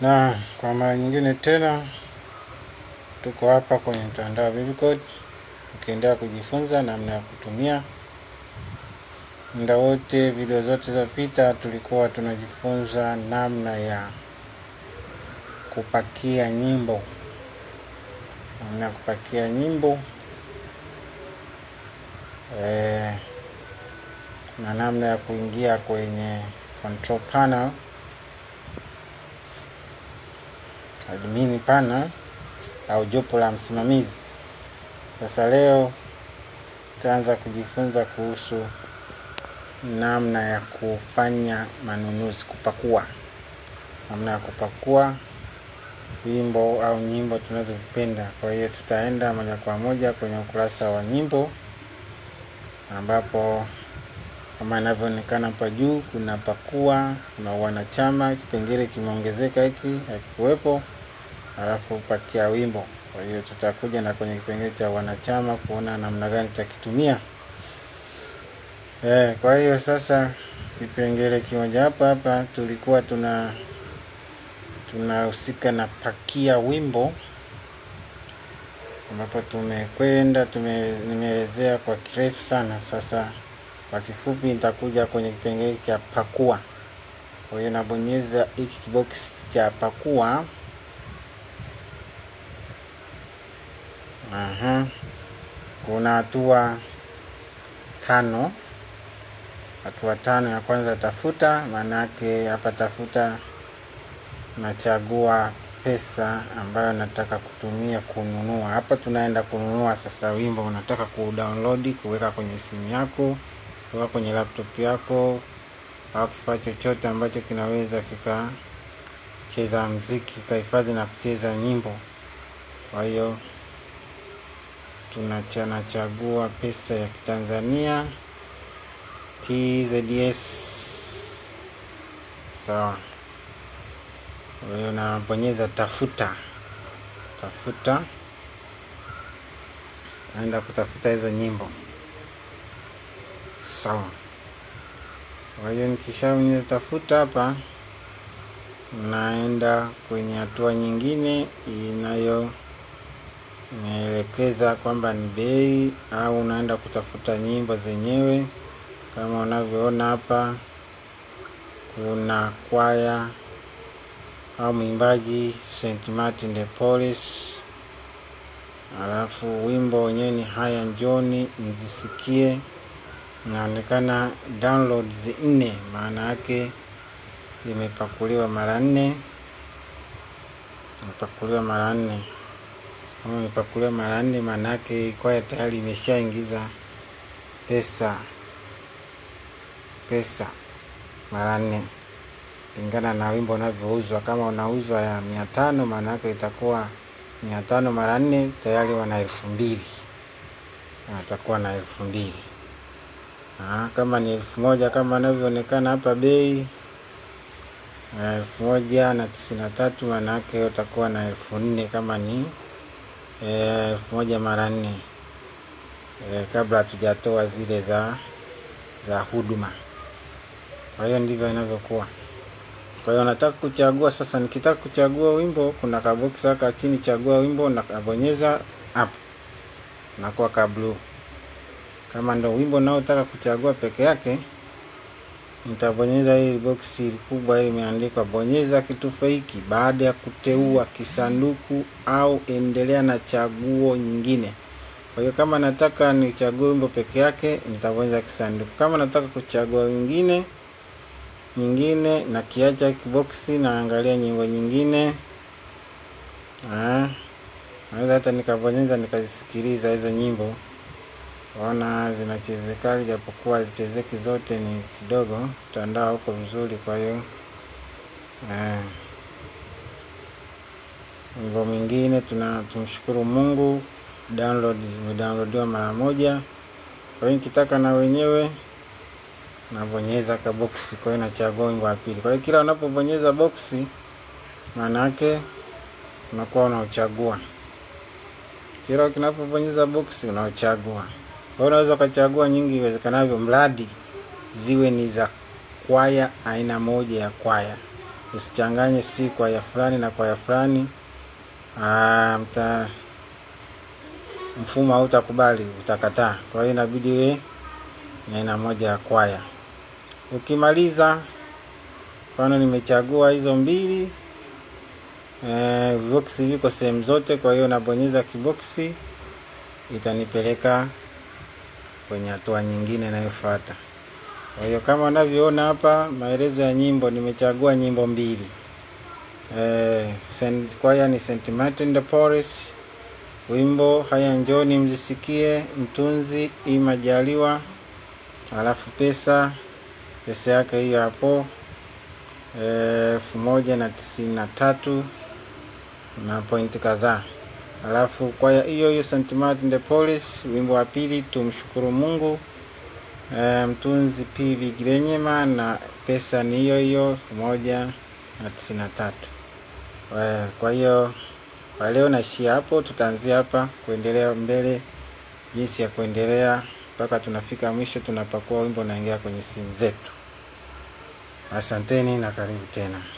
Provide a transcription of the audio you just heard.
Na kwa mara nyingine tena tuko hapa kwenye mtandao wa Bibicode ukiendelea kujifunza namna ya kutumia. Muda wote, video zote zilizopita tulikuwa tunajifunza namna ya kupakia nyimbo, namna ya kupakia nyimbo e, na namna ya kuingia kwenye control panel. admin pana au jopo la msimamizi. Sasa leo tutaanza kujifunza kuhusu namna ya kufanya manunuzi, kupakua, namna ya kupakua wimbo au nyimbo tunazozipenda. Kwa hiyo tutaenda moja kwa moja kwenye ukurasa wa nyimbo, ambapo kama inavyoonekana hapa juu kuna pakua, kuna wanachama, kipengele kimeongezeka, hiki hakikuwepo alafu pakia wimbo. Kwa hiyo tutakuja na kwenye kipengele cha wanachama kuona namna gani tutakitumia. Eh, kwa hiyo sasa kipengele kimoja hapa hapa tulikuwa tuna tunahusika na pakia wimbo ambapo tumekwenda tume, nimeelezea kwa kirefu sana. Sasa kwa kifupi, nitakuja kwenye kipengele cha pakua. Kwa hiyo nabonyeza hiki kiboksi cha pakua. Aha. Kuna hatua tano. Hatua tano ya kwanza, tafuta. Maanake hapa tafuta, nachagua pesa ambayo nataka kutumia kununua. Hapa tunaenda kununua sasa wimbo unataka kudownload, kuweka kwenye simu yako, kuweka kwenye laptop yako au kifaa chochote ambacho kinaweza kikacheza mziki, kahifadhi na kucheza nyimbo. Kwa hiyo tunachagua pesa ya Kitanzania TZS, sawa. So, unabonyeza tafuta, tafuta, naenda kutafuta hizo nyimbo sawa. So, kwa hiyo nikishabonyeza tafuta hapa, naenda kwenye hatua nyingine inayo unaelekeza kwamba ni bei au unaenda kutafuta nyimbo zenyewe. Kama unavyoona hapa, kuna kwaya au mwimbaji St. Martin de Police, alafu wimbo wenyewe ni haya njoni mzisikie, inaonekana download nne, maana yake imepakuliwa mara nne, imepakuliwa mara nne kama nipakulia mara nne, maana yake kwaya tayari imeshaingiza pesa pesa mara nne kulingana na wimbo unavyouzwa. Kama unauzwa ya mia tano, maana yake itakuwa mia tano mara nne, tayari wana elfu mbili watakuwa na elfu mbili. Aa, kama ni elfu moja kama inavyoonekana hapa bei elfu moja na tisini na tatu, maana yake utakuwa na elfu nne kama ni Eh, elfu moja mara nne e, kabla hatujatoa zile za za huduma. Kwa hiyo ndivyo inavyokuwa. Kwa hiyo nataka kuchagua sasa, nikitaka kuchagua wimbo kuna kabox haka chini, chagua wimbo, nakabonyeza hapo nakuwa ka Kama ndo wimbo naotaka kuchagua peke yake mtabonyeza hili boksi kubwa imeandikwa bonyeza kitufe hiki baada ya kuteua kisanduku au endelea na chaguo nyingine. Kwa hiyo kama nataka nichague wimbo peke yake nitabonyeza kisanduku. Kama nataka kuchagua nyingine nyingine na kiacha kiboksi, naangalia nyimbo nyingine. Ah, naweza hata nikabonyeza nikazisikiliza hizo nyimbo ona zinachezeka japokuwa zichezeki zote ni kidogo, mtandao uko vizuri, kwa hiyo eh. Mambo tuna tumshukuru Mungu, download imedownloadiwa mara moja. Kwa hiyo nikitaka na wenyewe nabonyeza ka box, kwa hiyo nachagua wimbo wa pili. Kwa hiyo kila unapobonyeza boksi, maana yake unakuwa unauchagua, kila kinapobonyeza boksi unauchagua. Kwa hiyo unaweza ukachagua nyingi iwezekanavyo, mradi ziwe ni za kwaya aina moja ya kwaya. Usichanganye sijui kwaya fulani na kwaya fulani. Aa, ah, mta mfumo hautakubali, utakataa. Kwa hiyo inabidi we ni aina moja ya kwaya. Ukimaliza, mfano nimechagua hizo mbili e, viboksi viko sehemu zote, kwa hiyo nabonyeza kiboksi itanipeleka kwenye hatua nyingine inayofuata. Kwa hiyo kama unavyoona hapa, maelezo ya nyimbo, nimechagua nyimbo mbili eh, Saint, kwaya ni Saint Martin de Porres, wimbo haya njoni mzisikie, mtunzi imajaliwa, alafu pesa pesa yake hiyo hapo e, elfu moja na tisini na tatu na pointi kadhaa. Alafu kwaya hiyo hiyo St. Martin de polis wimbo wa pili tumshukuru Mungu, e, mtunzi P. Bigirenyema na pesa ni hiyo hiyo moja na tisini na tatu. Eh, kwa hiyo kwa leo naishia hapo, tutaanzia hapa kuendelea mbele, jinsi ya kuendelea mpaka tunafika mwisho, tunapakua wimbo naingia kwenye simu zetu. Asanteni na karibu tena.